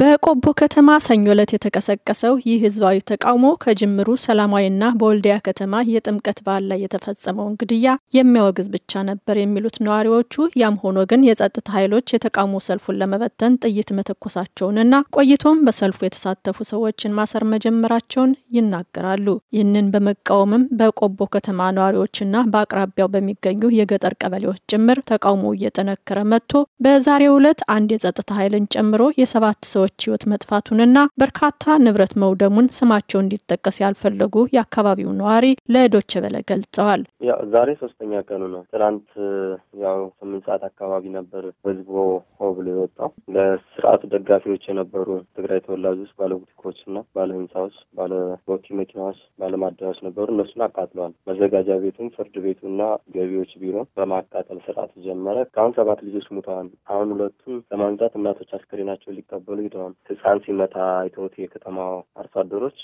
በቆቦ ከተማ ሰኞ ዕለት የተቀሰቀሰው ይህ ህዝባዊ ተቃውሞ ከጅምሩ ሰላማዊና በወልዲያ ከተማ የጥምቀት በዓል ላይ የተፈጸመውን ግድያ የሚያወግዝ ብቻ ነበር የሚሉት ነዋሪዎቹ፣ ያም ሆኖ ግን የጸጥታ ኃይሎች የተቃውሞ ሰልፉን ለመበተን ጥይት መተኮሳቸውንና ቆይቶም በሰልፉ የተሳተፉ ሰዎችን ማሰር መጀመራቸውን ይናገራሉ። ይህንን በመቃወምም በቆቦ ከተማ ነዋሪዎችና በአቅራቢያው በሚገኙ የገጠር ቀበሌዎች ጭምር ተቃውሞ እየጠነከረ መጥቶ በዛሬው ዕለት አንድ የጸጥታ ኃይልን ጨምሮ የሰባት ሰዎች ሰዎች ህይወት መጥፋቱንና በርካታ ንብረት መውደሙን ስማቸው እንዲጠቀስ ያልፈለጉ የአካባቢው ነዋሪ ለዶች በለ ገልጸዋል። ያው ዛሬ ሶስተኛ ቀኑ ነው። ትናንት ያው ስምንት ሰዓት አካባቢ ነበር ህዝቦ ሆ ብሎ የወጣው። ለስርዓቱ ደጋፊዎች የነበሩ ትግራይ ተወላጆች ባለ ቡቲኮች እና ባለ ህንፃዎች፣ ባለ ቦኪ መኪናዎች፣ ባለ ማደያዎች ነበሩ። እነሱን አቃጥለዋል። መዘጋጃ ቤቱም፣ ፍርድ ቤቱ እና ገቢዎች ቢሮ በማቃጠል ስርዓቱ ጀመረ። ከአሁን ሰባት ልጆች ሙተዋል። አሁን ሁለቱም ለማንሳት እናቶች አስክሬናቸው ሊቀበሉ ሄደዋል። ህፃን ሲመታ አይተውት የከተማ አርሶ አደሮች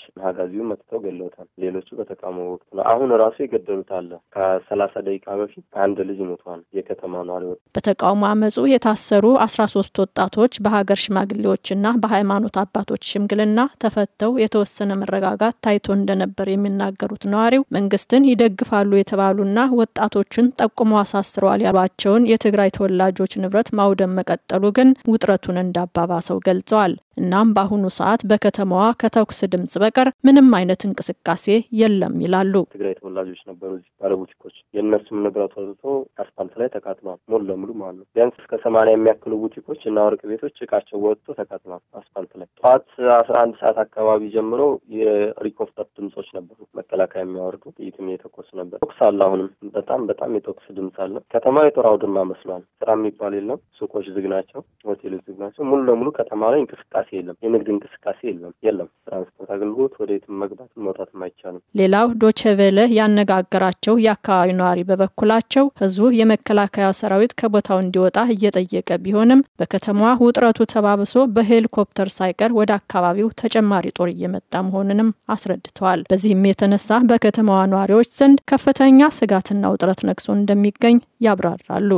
መጥተው ገለውታል። ሌሎቹ በተቃውሞ ወቅት ነው። አሁን ራሱ የገደሉት አለ። ከሰላሳ ደቂቃ በፊት አንድ ልጅ ሞቷል። የከተማ ነዋሪዎች በተቃውሞ አመፁ የታሰሩ አስራ ሶስት ወጣቶች በሀገር ሽማግሌዎችና በሃይማኖት አባቶች ሽምግልና ተፈተው የተወሰነ መረጋጋት ታይቶ እንደነበር የሚናገሩት ነዋሪው መንግስትን ይደግፋሉ የተባሉና ወጣቶቹን ጠቁመው አሳስረዋል ያሏቸውን የትግራይ ተወላጆች ንብረት ማውደም መቀጠሉ ግን ውጥረቱን እንዳባባሰው ገልጸዋል። الأطفال እናም በአሁኑ ሰዓት በከተማዋ ከተኩስ ድምጽ በቀር ምንም አይነት እንቅስቃሴ የለም ይላሉ። ትግራይ ተወላጆች ነበሩ እዚህ ባለቡቲኮች የእነሱም ንብረት ወጥቶ አስፋልት ላይ ተቃጥሏል። ሙሉ ለሙሉ ማለት ነው። ቢያንስ እስከ ሰማንያ የሚያክሉ ቡቲኮች እና ወርቅ ቤቶች እቃቸው ወጥቶ ተቃጥሏል አስፋልት ላይ። ጠዋት አስራ አንድ ሰዓት አካባቢ ጀምሮ የሪኮፍተር ድምጾች ነበሩ። መከላከያ የሚያወርዱ ጥይትም የተኮስ ነበር። ተኩስ አለ። አሁንም በጣም በጣም የተኩስ ድምጽ አለ። ከተማ የጦር አውድማ መስሏል። ስራ የሚባል የለም። ሱቆች ዝግ ናቸው። ሆቴሎች ዝግ ናቸው። ሙሉ ለሙሉ ከተማ ላይ እንቅስቃሴ እንቅስቃሴ የለም፣ የንግድ እንቅስቃሴ የለም የለም። ትራንስፖርት አገልግሎት ወደ የትም መግባት መውጣት አይቻልም። ሌላው ዶቸቬለ ያነጋገራቸው የአካባቢ ነዋሪ በበኩላቸው ህዝቡ የመከላከያ ሰራዊት ከቦታው እንዲወጣ እየጠየቀ ቢሆንም በከተማዋ ውጥረቱ ተባብሶ በሄሊኮፕተር ሳይቀር ወደ አካባቢው ተጨማሪ ጦር እየመጣ መሆኑንም አስረድተዋል። በዚህም የተነሳ በከተማዋ ነዋሪዎች ዘንድ ከፍተኛ ስጋትና ውጥረት ነግሶ እንደሚገኝ ያብራራሉ።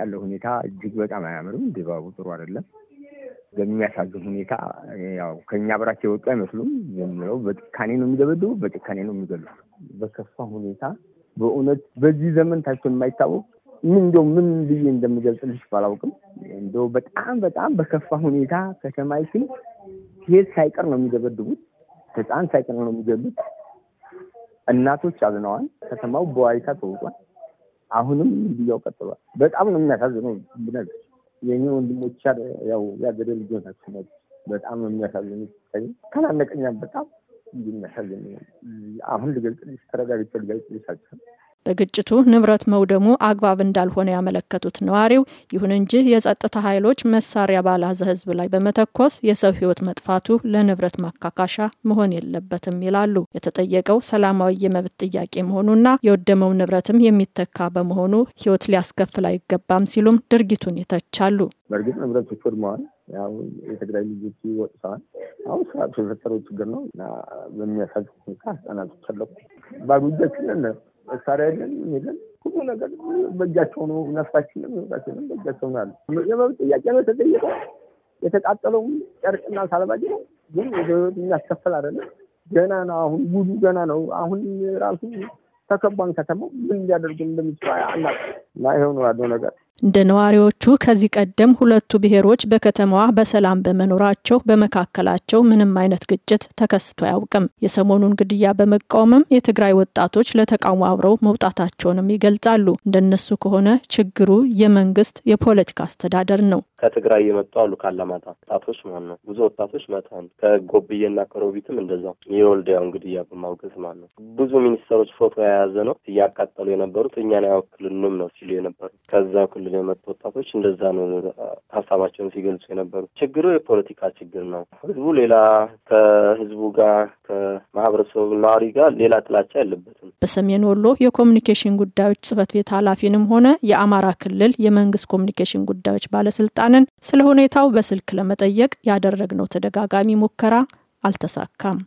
ያለው ሁኔታ እጅግ በጣም አያምርም። ድባቡ ጥሩ አይደለም። በሚያሳዝን ሁኔታ ያው ከኛ ብራቸው የወጡ አይመስሉም። የምለው በጭካኔ ነው የሚደበድቡ፣ በጭካኔ ነው የሚገሉ። በከፋ ሁኔታ በእውነት በዚህ ዘመን ታይቶ የማይታወቅ ምን እንደው ምን ብዬ እንደምገልጽልሽ ባላውቅም እንደው በጣም በጣም በከፋ ሁኔታ ከተማይቱን ሴት ሳይቀር ነው የሚደበድቡት፣ ህፃን ሳይቀር ነው የሚገሉት። እናቶች አዝነዋል። ከተማው በዋይታ ተውጧል። አሁንም እንዲያው ቀጥሏል። በጣም ነው የሚያሳዝነው ብነግርሽ የእኛ ወንድሞች ያው ያገደ ልጆች ናቸው። በጣም የሚያሳዝን ካላነቀኛም በጣም እንዲህ አሁን ልገልጽልሽ ተረጋግቼ ልገልጽልሽ አልችልም። በግጭቱ ንብረት መውደሙ አግባብ እንዳልሆነ ያመለከቱት ነዋሪው፣ ይሁን እንጂ የጸጥታ ኃይሎች መሳሪያ ባላዘ ህዝብ ላይ በመተኮስ የሰው ህይወት መጥፋቱ ለንብረት ማካካሻ መሆን የለበትም ይላሉ። የተጠየቀው ሰላማዊ የመብት ጥያቄ መሆኑና የወደመው ንብረትም የሚተካ በመሆኑ ህይወት ሊያስከፍል አይገባም ሲሉም ድርጊቱን ይተቻሉ። በእርግጥ ንብረቶች ወድመዋል። ያው የትግራይ ልጆች ወጥተዋል። አሁን ስርዓቱ የፈጠረው ችግር ነው እና በሚያሳዝን ሁኔታ ህጻናቶች አለቁ ባሉበት ነን መሳሪያ የለን የለን ሁሉ ነገር በእጃቸው ነው። ነፍሳችንም ህይወታችንም በእጃቸው ነው ያለ የመብት ጥያቄ ነው የተጠየቀ የተቃጠለውም ጨርቅና ሳልባጅ ነው፣ ግን ወደ የሚያስከፈል የሚያስከፍል አይደለም። ገና ነው። አሁን ጉዱ ገና ነው። አሁን ራሱ ተከቧን ከተማው ምን እንዲያደርግ እንደሚችሉ አናውቅም እና ይኸው ነው ያለው ነገር። እንደ ነዋሪዎቹ ከዚህ ቀደም ሁለቱ ብሔሮች በከተማዋ በሰላም በመኖራቸው በመካከላቸው ምንም አይነት ግጭት ተከስቶ አያውቅም። የሰሞኑን ግድያ በመቃወምም የትግራይ ወጣቶች ለተቃውሞ አብረው መውጣታቸውንም ይገልጻሉ። እንደነሱ ከሆነ ችግሩ የመንግስት የፖለቲካ አስተዳደር ነው። ከትግራይ የመጡ አሉ ካላማጣ ወጣቶች ማለት ነው። ብዙ ወጣቶች መጥተዋል። ከጎብዬና ከሮቢትም እንደዛው የወልዲያው እንግዲህ ማውገዝ ማለት ነው። ብዙ ሚኒስተሮች ፎቶ የያዘ ነው እያቃጠሉ የነበሩት እኛን አያወክልንም ነው ሲሉ የነበሩ ከዛ ክልል የመጡ ወጣቶች እንደዛ ነው ሀሳባቸውን ሲገልጹ የነበሩ። ችግሩ የፖለቲካ ችግር ነው። ህዝቡ ሌላ ከህዝቡ ጋር ከማህበረሰቡ ነዋሪ ጋር ሌላ ጥላቻ ያለበትም። በሰሜን ወሎ የኮሚኒኬሽን ጉዳዮች ጽህፈት ቤት ኃላፊንም ሆነ የአማራ ክልል የመንግስት ኮሚኒኬሽን ጉዳዮች ባለስልጣንን ስለ ሁኔታው በስልክ ለመጠየቅ ያደረግነው ተደጋጋሚ ሙከራ አልተሳካም።